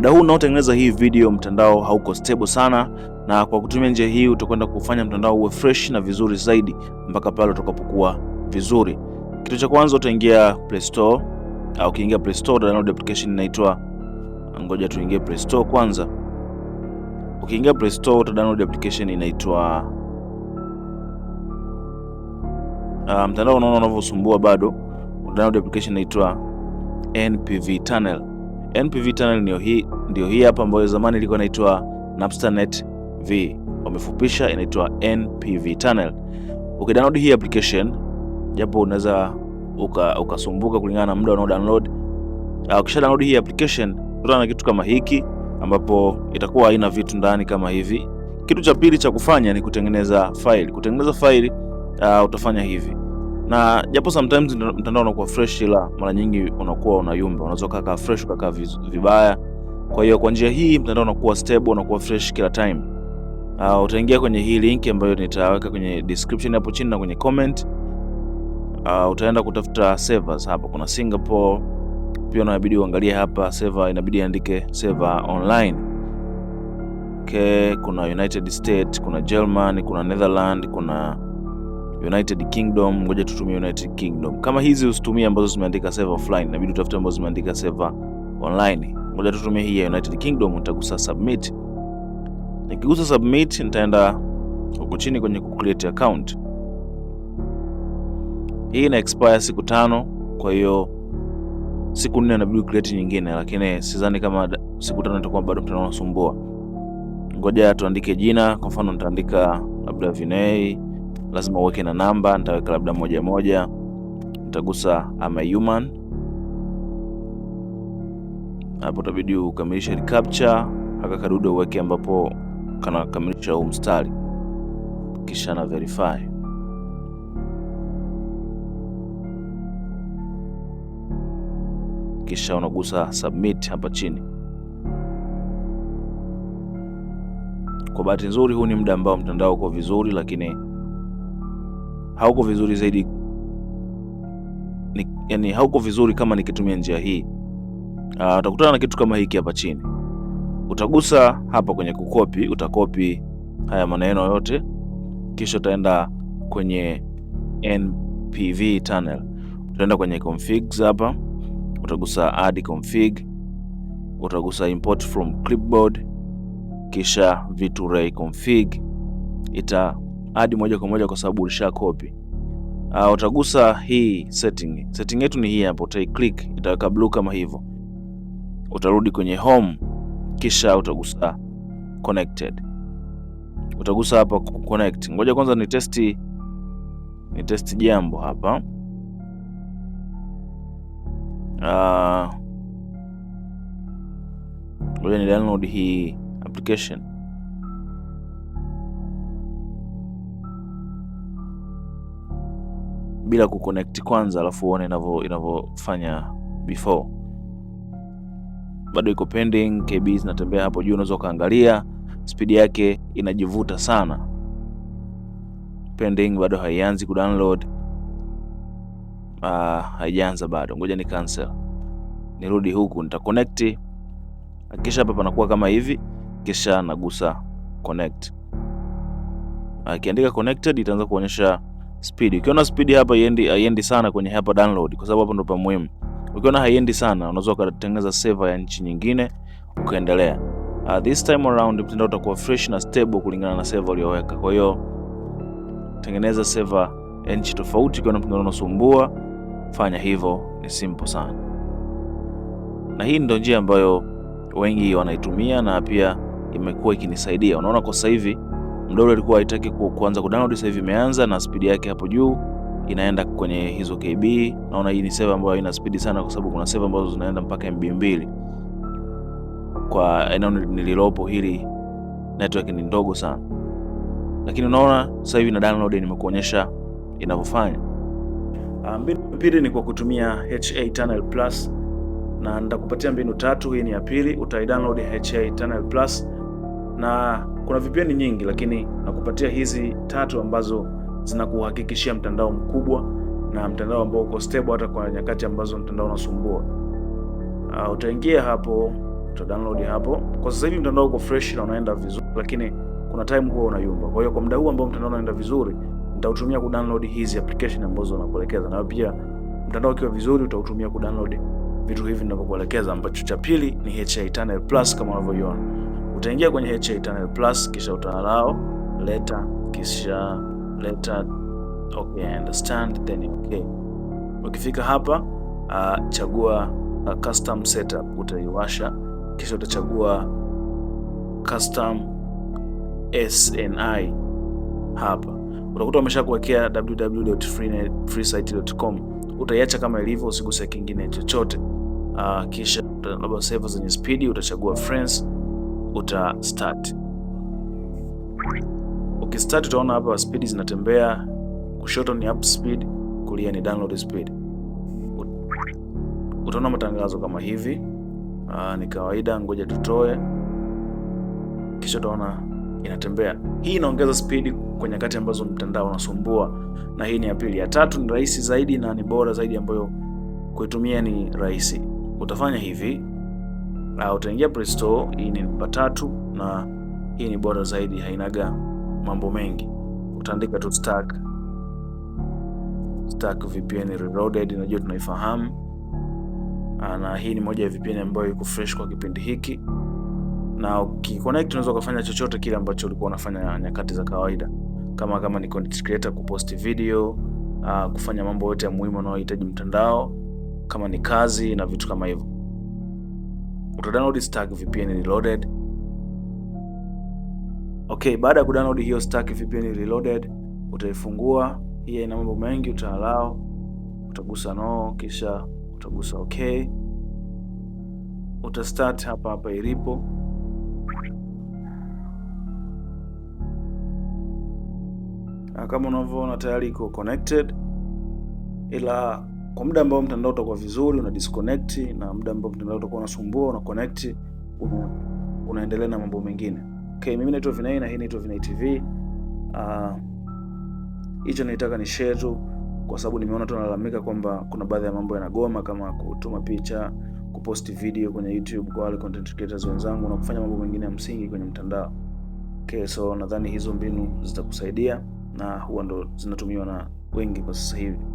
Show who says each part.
Speaker 1: Muda huu unaotengeneza hii video, mtandao hauko stable sana, na kwa kutumia njia hii utakwenda kufanya mtandao uwe fresh na vizuri zaidi mpaka pale utakapokuwa vizuri. Kitu cha kwanza utaingia Play Store, au ukiingia Play Store download application inaitwa, ngoja tuingie Play Store kwanza. Ukiingia Play Store uta download application inaitwa uh, mtandao unaona unavyosumbua bado, download application inaitwa NPV Tunnel. NPV tunnel ndio hii, ndio hii hapa ambayo zamani ilikuwa inaitwa Napsternet V, wamefupisha inaitwa NPV tunnel. Ukidownload hii application, japo unaweza ukasumbuka uka kulingana na muda unaodownload. Ah, ukisha download hii application utaona na kitu kama hiki ambapo itakuwa haina vitu ndani kama hivi. Kitu cha pili cha kufanya ni kutengeneza faili. Kutengeneza file uh, utafanya hivi na japo sometimes mtandao unakuwa fresh, ila mara nyingi unakuwa unayumba, unaweza ukakaa fresh ukakaa vibaya. Kwa hiyo kwa njia hii mtandao unakuwa stable, unakuwa fresh kila time. Uh, utaingia kwenye hii link ambayo nitaweka kwenye description hapo chini na kwenye comment. Uh, utaenda kutafuta servers hapa, kuna Singapore pia, unabidi uangalie hapa server, inabidi andike server online. Okay, kuna United States, kuna Germany, kuna Netherlands, kuna United Kingdom, ngoja tutumie United Kingdom. Kama hizi usitumie ambazo zimeandika server offline, inabidi utafute ambazo zimeandika server online. Ngoja tutumie hii ya United Kingdom, nitagusa submit. Nikigusa submit, nitaenda huko chini kwenye create account. Hii ina expire siku tano, kwa hiyo siku nne inabidi create nyingine, lakini sidhani kama siku tano itakuwa bado mtandao unasumbua. Ngoja tuandike jina, kwa mfano nitaandika labda Vinei lazima uweke na namba, nitaweka labda moja moja, nitagusa ama human hapo, utabidi ukamilishe recapture, haka karudi uweke ambapo kanakamilisha huu mstari, kisha na verify. Kisha unagusa submit hapa chini. Kwa bahati nzuri, huu ni muda ambao mtandao uko vizuri, lakini hauko vizuri zaidi ni, yani hauko vizuri kama nikitumia njia hii. Uh, utakutana na kitu kama hiki hapa chini, utagusa hapa kwenye kukopi, utakopi haya maneno yote, kisha utaenda kwenye npv tunnel, utaenda kwenye configs hapa, utagusa add config, utagusa import from clipboard, kisha v2ray config ita hadi moja kwa moja kwa sababu ulisha copy. Uh, utagusa hii setting. Setting yetu ni hii hapa, utai click itaweka blue kama hivyo. Utarudi kwenye home kisha utagusa connected. Utagusa hapa connect. Ngoja kwanza ni testi ni test jambo hapa. Ah, ngoja uh, ni download hii application. bila kuconnect kwanza, alafu uone inavyo inavyofanya before. Bado iko pending, KB zinatembea hapo juu, unaweza ukaangalia spidi yake inajivuta sana. Pending, bado haianzi ku download Uh, haijaanza bado, ngoja ni cancel, nirudi huku, nita connect. Kisha hapa panakuwa kama hivi, kisha nagusa connect. Akiandika ah, connected itaanza kuonyesha speed. Ukiona speed hapa haiendi haiendi sana kwenye hapa download, kwa sababu hapo ndo pa muhimu. Ukiona haiendi sana, unaweza ukatengeneza server ya nchi nyingine ukaendelea. Uh, this time around mtandao utakuwa fresh na stable kulingana na server uliyoweka. Kwa hiyo tengeneza server ya nchi tofauti, ukiona mtandao unasumbua, fanya hivyo, ni simple sana. Na hii ndio njia ambayo wengi wanaitumia na pia imekuwa ikinisaidia. Unaona kwa sasa hivi muda ule alikuwa haitaki kuanza kudownload, sasa hivi imeanza na speed yake hapo juu inaenda kwenye hizo KB. Naona hii ni server ambayo ina speed sana, kwa sababu kuna server ambazo zinaenda mpaka MB mbili. Kwa eneo nililopo hili network ni ndogo sana, lakini unaona sasa hivi na download nimekuonyesha inavyofanya.
Speaker 2: Ah, mbinu ya pili ni kwa kutumia HA Tunnel Plus, na nitakupatia mbinu tatu. Hii ni ya pili, utaidownload HA Tunnel Plus na kuna VPN nyingi, lakini nakupatia hizi tatu ambazo zinakuhakikishia mtandao mkubwa na mtandao ambao uko stable hata kwa nyakati ambazo mtandao unasumbua. Uh, utaingia hapo uta download hapo. Kwa sasa hivi mtandao uko fresh na unaenda vizuri, lakini kuna time huwa unayumba. Kwa hiyo kwa muda huu ambao mtandao unaenda vizuri, nitautumia kudownload hizi application ambazo nakuelekeza, na pia mtandao ukiwa vizuri utautumia kudownload vitu hivi ninavyokuelekeza, ambacho cha pili ni HI Tunnel Plus kama unavyoiona. Utaingia kwenye H8 plus kisha utaalao leta kisha leta okay, I understand then okay. Ukifika hapa uh, chagua uh, custom setup utaiwasha, kisha utachagua custom SNI hapa utakuta umeshakuwekea www.freesite.com utaiacha kama ilivyo, usiguse kingine chochote. Uh, kisha labda server zenye spidi utachagua friends uta start. Ukistart utaona hapa speed zinatembea, kushoto ni up speed, kulia ni download speed. Utaona matangazo kama hivi. Aa, ah, ni kawaida, ngoja tutoe, kisha utaona inatembea. Hii inaongeza speed kwa nyakati ambazo mtandao unasumbua, na hii ni ya pili. Ya tatu ni rahisi zaidi na ni bora zaidi, ambayo kuitumia ni rahisi. Utafanya hivi na utaingia Play Store. Hii ni namba tatu na hii ni bora zaidi, hainaga mambo mengi. Utaandika tu stack stack VPN reloaded, najua tunaifahamu, ah, na hii ni moja ya VPN ambayo iko fresh kwa kipindi hiki, na ukiconnect unaweza kufanya chochote kile ambacho ulikuwa unafanya nyakati za kawaida, kama kama ni content creator, kupost video uh, kufanya mambo yote ya muhimu unayohitaji mtandao, kama ni kazi na vitu kama hivyo utadownload stack VPN reloaded. Okay, baada ya kudownload hiyo stack VPN reloaded, utaifungua hii. Ina mambo mengi, utaalao, utagusa no, kisha utagusa okay, start hapa hapa ilipo. Ah, kama unavyoona tayari iko connected, ila kwa muda ambao mtandao utakuwa vizuri, una disconnect na muda ambao mtandao utakuwa unasumbua, una connect, unaendelea na mambo mengine. Okay, mimi naitwa Vinai na hii naitwa Vinai TV. Ah, hicho uh, nilitaka ni share tu kwa sababu nimeona tu nalalamika kwamba kuna baadhi ya mambo yanagoma kama kutuma picha, kupost video kwenye YouTube kwa wale content creators wenzangu na kufanya mambo mengine ya msingi kwenye mtandao. Okay, so nadhani hizo mbinu zitakusaidia na huwa ndo zinatumiwa na wengi kwa sasa hivi.